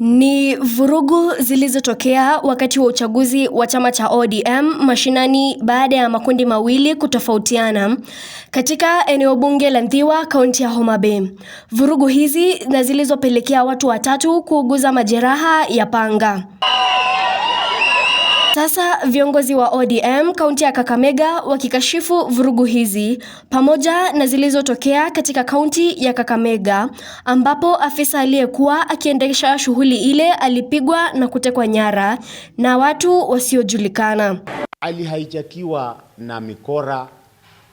Ni vurugu zilizotokea wakati wa uchaguzi wa chama cha ODM mashinani baada ya makundi mawili kutofautiana katika eneo bunge la Ndhiwa, kaunti ya Homa Bay. Vurugu hizi na zilizopelekea watu watatu kuuguza majeraha ya panga. Sasa viongozi wa ODM kaunti ya Kakamega wakikashifu vurugu hizi pamoja na zilizotokea katika kaunti ya Kakamega ambapo afisa aliyekuwa akiendesha shughuli ile alipigwa na kutekwa nyara na watu wasiojulikana. Alihaijakiwa na mikora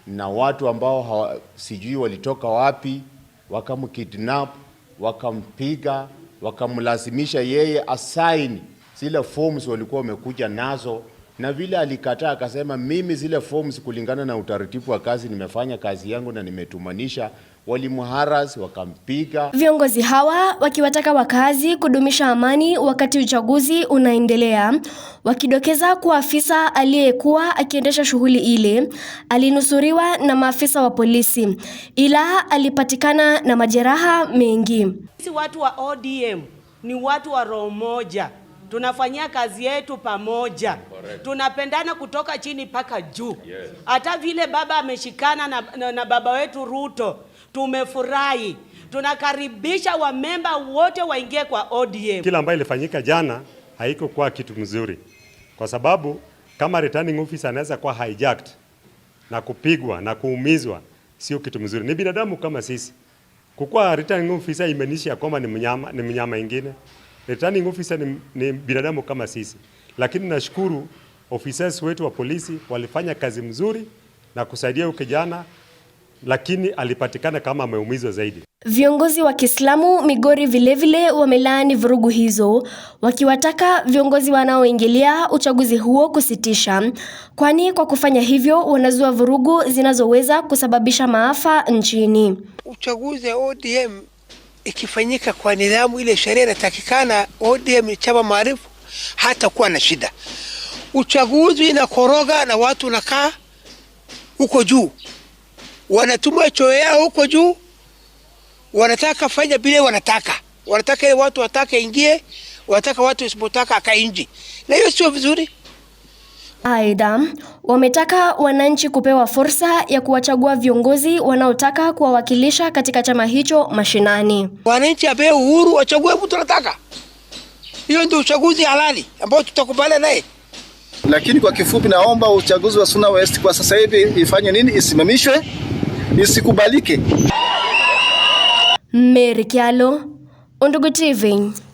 na watu ambao hawa, sijui walitoka wapi, wakamkidnap, wakampiga, wakamlazimisha yeye asaini zile forms walikuwa wamekuja nazo, na vile alikataa akasema, mimi zile forms kulingana na utaratibu wa kazi nimefanya kazi yangu na nimetumanisha walimharas wakampiga. Viongozi hawa wakiwataka wakazi kudumisha amani wakati uchaguzi unaendelea, wakidokeza kuwa afisa aliyekuwa akiendesha shughuli ile alinusuriwa na maafisa wa polisi, ila alipatikana na majeraha mengi. Sisi watu wa ODM ni watu wa roho moja tunafanyia kazi yetu pamoja. Correct. Tunapendana kutoka chini mpaka juu. Hata yes. Vile baba ameshikana na, na, na baba wetu Ruto tumefurahi. Tunakaribisha wamemba wote waingie kwa ODM. Kila ambayo ilifanyika jana haiko kwa kitu mzuri, kwa sababu kama returning officer anaweza kuwa hijacked na kupigwa na kuumizwa, sio kitu mzuri. Ni binadamu kama sisi. Kukuwa returning officer imenishi ya kwamba ni mnyama, ni mnyama ingine Returning officer ni, ni binadamu kama sisi, lakini nashukuru officers wetu wa polisi walifanya kazi mzuri na kusaidia kijana lakini alipatikana kama ameumizwa zaidi. Viongozi wa Kiislamu Migori vilevile wamelaani vurugu hizo, wakiwataka viongozi wanaoingilia uchaguzi huo kusitisha, kwani kwa kufanya hivyo wanazua vurugu zinazoweza kusababisha maafa nchini. Uchaguzi wa ODM ikifanyika kwa nidhamu ile sheria inatakikana, ODM chama maarufu hata kuwa na shida. Uchaguzi inakoroga na watu wanakaa huko juu, wanatuma choo yao huko juu, wanataka fanya bila wanataka wanataka watu wataka ingie, wanataka watu isipotaka akainji, na hiyo sio vizuri. Aidha, wametaka wananchi kupewa fursa ya kuwachagua viongozi wanaotaka kuwawakilisha katika chama hicho mashinani. Wananchi apewe uhuru wachague mtu anataka. Hiyo ndio uchaguzi halali ambao tutakubaliana naye. Lakini kwa kifupi, naomba uchaguzi wa Suna West kwa sasa hivi ifanye nini? Isimamishwe, isikubalike. Meri Kyalo, Undugu TV.